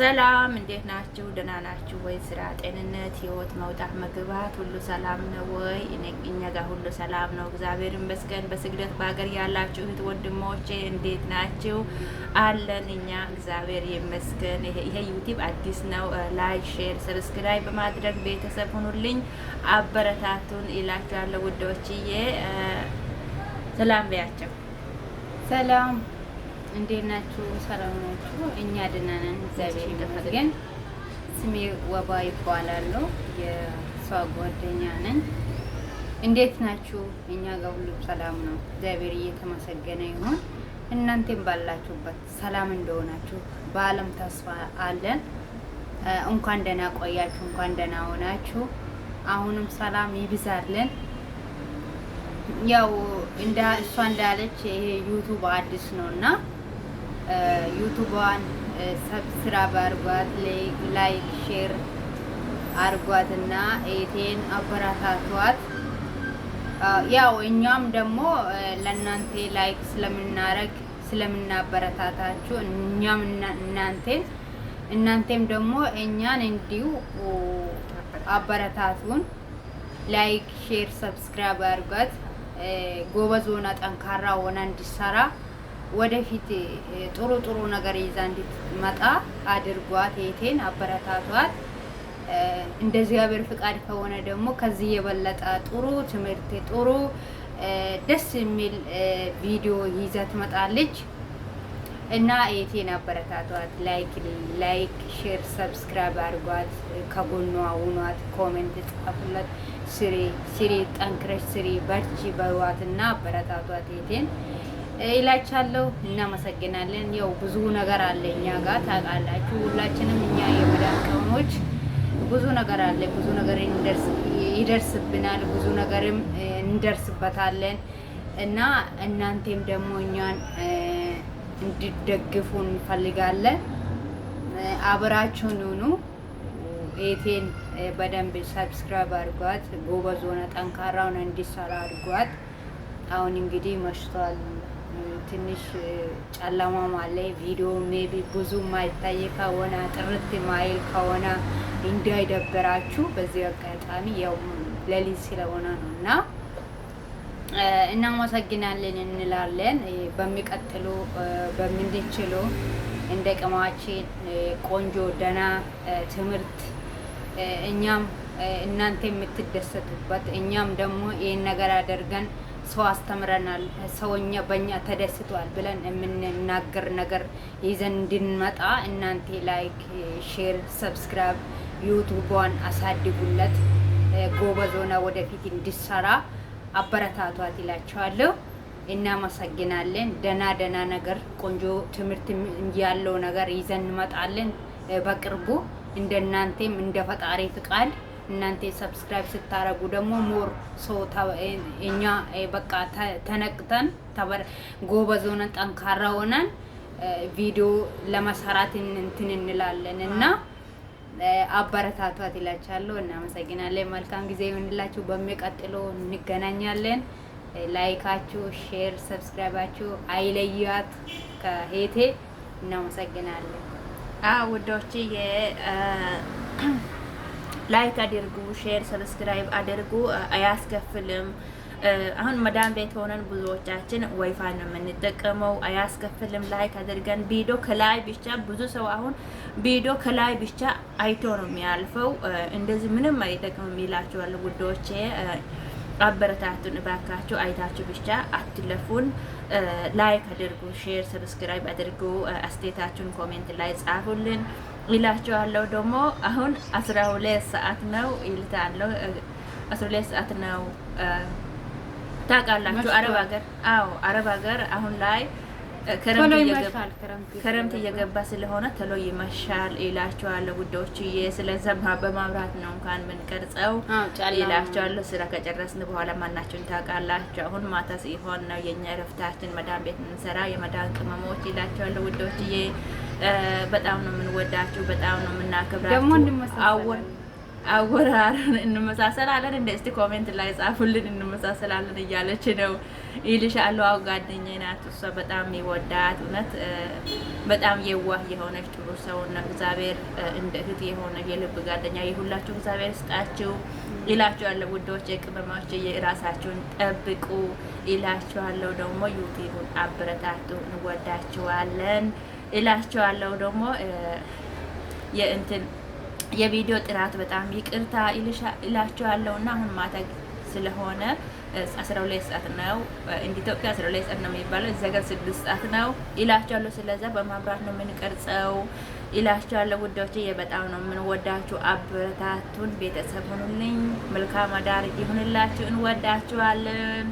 ሰላም እንዴት ናችሁ? ደህና ናችሁ ወይ? ስራ፣ ጤንነት፣ ህይወት፣ መውጣት፣ መግባት ሁሉ ሰላም ነው ወይ? እኛ ጋር ሁሉ ሰላም ነው፣ እግዚአብሔር ይመስገን። በስግደት በሀገር ያላችሁ እህት ወንድሞቼ እንዴት ናችሁ? አለን እኛ እግዚአብሔር ይመስገን። ይሄ ዩቲብ አዲስ ነው። ላይክ፣ ሼር፣ ሰብስክራይብ በማድረግ ቤተሰብ ሁኑልኝ፣ አበረታቱን ይላችኋለሁ ውዶችዬ። ሰላም በያቸው። ሰላም እንዴት ናችሁ? ሰላም ናችሁ? እኛ ደህና ነን፣ እግዚአብሔር ይመስገን። ስሜ ወባ ይባላሉ። የሷ ጓደኛ ነን። እንዴት ናችሁ? እኛ ጋር ሁሉም ሰላም ነው፣ እግዚአብሔር እየተመሰገነ ይሁን። እናንተም ባላችሁበት ሰላም እንደሆናችሁ በዓለም ተስፋ አለን። እንኳን ደህና ቆያችሁ፣ እንኳን ደህና ሆናችሁ። አሁንም ሰላም ይብዛልን። ያው እንደ እሷ እንዳለች ይሄ ዩቱብ አዲስ ነውና ዩቱቧን ሰብስክራይብ አርጓት፣ ላይክ ሼር አርጓት እና እህቴን አበረታቷት። ያው እኛም ደግሞ ለእናንተ ላይክ ስለምናረግ ስለምናበረታታችሁ እኛም እናንተን እናንተም ደግሞ እኛን እንዲሁ አበረታቱን። ላይክ ሼር ሰብስክራይብ አርጓት። ጎበዝ ሆና ጠንካራ ሆና እንዲሰራ ወደፊት ጥሩ ጥሩ ነገር ይዛ እንድትመጣ አድርጓት፣ እህቴን አበረታቷት። እንደ እግዚአብሔር ፍቃድ ከሆነ ደግሞ ከዚህ የበለጠ ጥሩ ትምህርት፣ ጥሩ ደስ የሚል ቪዲዮ ይዛ ትመጣለች እና እህቴን አበረታቷት። ላይክ ላይክ፣ ሼር፣ ሰብስክራይብ አድርጓት፣ ከጎኗ ሁኗት፣ ኮሜንት ጻፉላት። ስሪ ስሪ፣ ጠንክረሽ ስሪ፣ በርቺ በሏት እና አበረታቷት እህቴን ይላቻለሁ። እናመሰግናለን። ያው ብዙ ነገር አለ እኛ ጋር ታውቃላችሁ። ሁላችንም እኛ የመዳን ቀውኖች ብዙ ነገር አለ። ብዙ ነገር ይደርስብናል፣ ብዙ ነገርም እንደርስበታለን እና እናንተም ደግሞ እኛን እንድደግፉ እንፈልጋለን። አብራችሁን ሁኑ። ኤቴን በደንብ ሰብስክራይብ አድርጓት። ጎበዝ ሆነ ጠንካራ ሆነ እንዲሰራ አድርጓት። አሁን እንግዲህ መሽቷል። ትንሽ ጨለማ አለ። ቪዲዮ ሜቢ ብዙ ማይታይ ከሆነ ጥርት ማይል ከሆነ እንዳይደበራችሁ በዚህ አጋጣሚ ያው ሌሊት ስለሆነ ነው እና እናመሰግናለን እንላለን። በሚቀጥሉ በምንችሉ እንደ ቅማችን ቆንጆ ደና ትምህርት እኛም እናንተ የምትደሰቱበት እኛም ደግሞ ይህን ነገር አደርገን ሰው አስተምረናል፣ ሰውኛ በእኛ ተደስቷል ብለን የምንናገር ነገር ይዘን እንድንመጣ እናንተ ላይክ፣ ሼር፣ ሰብስክራይብ ዩቱቧን አሳድጉለት። ጎበዞና ወደፊት እንዲሰራ አበረታቷት ይላቸዋለሁ። እናመሰግናለን። ደና ደና ነገር ቆንጆ ትምህርት ያለው ነገር ይዘን እንመጣለን በቅርቡ እንደናንተም እንደ ፈጣሪ ፍቃድ እናንተ ሰብስክራይብ ስታረጉ ደግሞ ሞር ሰው እኛ በቃ ተነቅተን ጎበዝ ሆነን ጠንካራ ሆነን ቪዲዮ ለመሰራት እንትን እንላለን እና አበረታቷት ይላችኋለሁ። እናመሰግናለን። መልካም ጊዜ ይሁንላችሁ። በሚቀጥለው እንገናኛለን። ላይካችሁ፣ ሼር፣ ሰብስክራይባችሁ አይለያት ከሄቴ እናመሰግናለን። አዎ የ ላይክ አድርጉ፣ ሼር፣ ሰብስክራይብ አድርጉ። አያስከፍልም። አሁን መዳን ቤት ሆነን ብዙዎቻችን ወይፋ ነው የምንጠቀመው። አያስከፍልም። ላይክ አድርገን ቪዲዮ ከላይ ብቻ ብዙ ሰው አሁን ቪዲዮ ከላይ ብቻ አይቶ ነው የሚያልፈው። እንደዚህ ምንም አይጠቅምም ይላችኋል ውዶቼ። አበረታቱን እባካችሁ። አይታችሁ ብቻ አትለፉን። ላይክ አድርጉ፣ ሼር፣ ሰብስክራይብ አድርጉ። አስቴታችሁን ኮሜንት ላይ ጻፉልን። ይላችኋለሁ። ደግሞ አሁን አስራ ሁለት ሰዓት ነው ይልታለሁ። አስራ ሁለት ሰዓት ነው ታውቃላችሁ። አረብ ሀገር አዎ፣ አረብ ሀገር አሁን ላይ ክረምት እየገባ ስለሆነ ተሎ ይመሻል ይላችኋለሁ ውዶችዬ። ስለዛ በማብራት ነው እንኳን የምንቀርጸው ይላችኋለሁ። ስራ ከጨረስን በኋላ ማናችሁን ታውቃላችሁ። አሁን ማታ ሲሆን ነው የእኛ እረፍታችን። መዳን ቤት እንሰራ የመዳን ቅመሞች ይላችኋለሁ ውዶችዬ። በጣም ነው የምንወዳችሁ፣ በጣም ነው የምናከብራችሁ። አወራርን እንመሳሰላለን እንደ እስቲ ኮሜንት ላይ ጻፉልን፣ እንመሳሰላለን እያለች ነው ይልሻለሁ። አዎ ጓደኛዬ ናት እሷ በጣም የወዳት እውነት በጣም የዋህ የሆነች ጥሩ ሰውና እግዚአብሔር እንደ እህት የሆነ የልብ ጓደኛ የሁላችሁ እግዚአብሔር ስጣችሁ ይላችኋለሁ። ውዶች የቅመማዎች የራሳችሁን ጠብቁ ይላችኋለሁ። ደግሞ ዩቲዩብን አበረታቱ። እንወዳችኋለን። እላቸዋለሁ። ደግሞ የእንትን የቪዲዮ ጥራት በጣም ይቅርታ እላቸዋለሁ እና አሁን ማታ ስለሆነ አስራ ሁለት ሰዓት ነው እንደ ኢትዮጵያ አስራ ሁለት ሰዓት ነው የሚባለው፣ እዚያ ጋር ስድስት ሰዓት ነው ይላቸዋለሁ። ስለዛ በማብራት ነው የምንቀርጸው ይላቸዋለሁ። ውዶቼ በጣም ነው የምንወዳችሁ፣ አበረታቱን፣ ቤተሰብ ሁኑልኝ። መልካም አዳር ይሁንላችሁ። እንወዳችኋለን።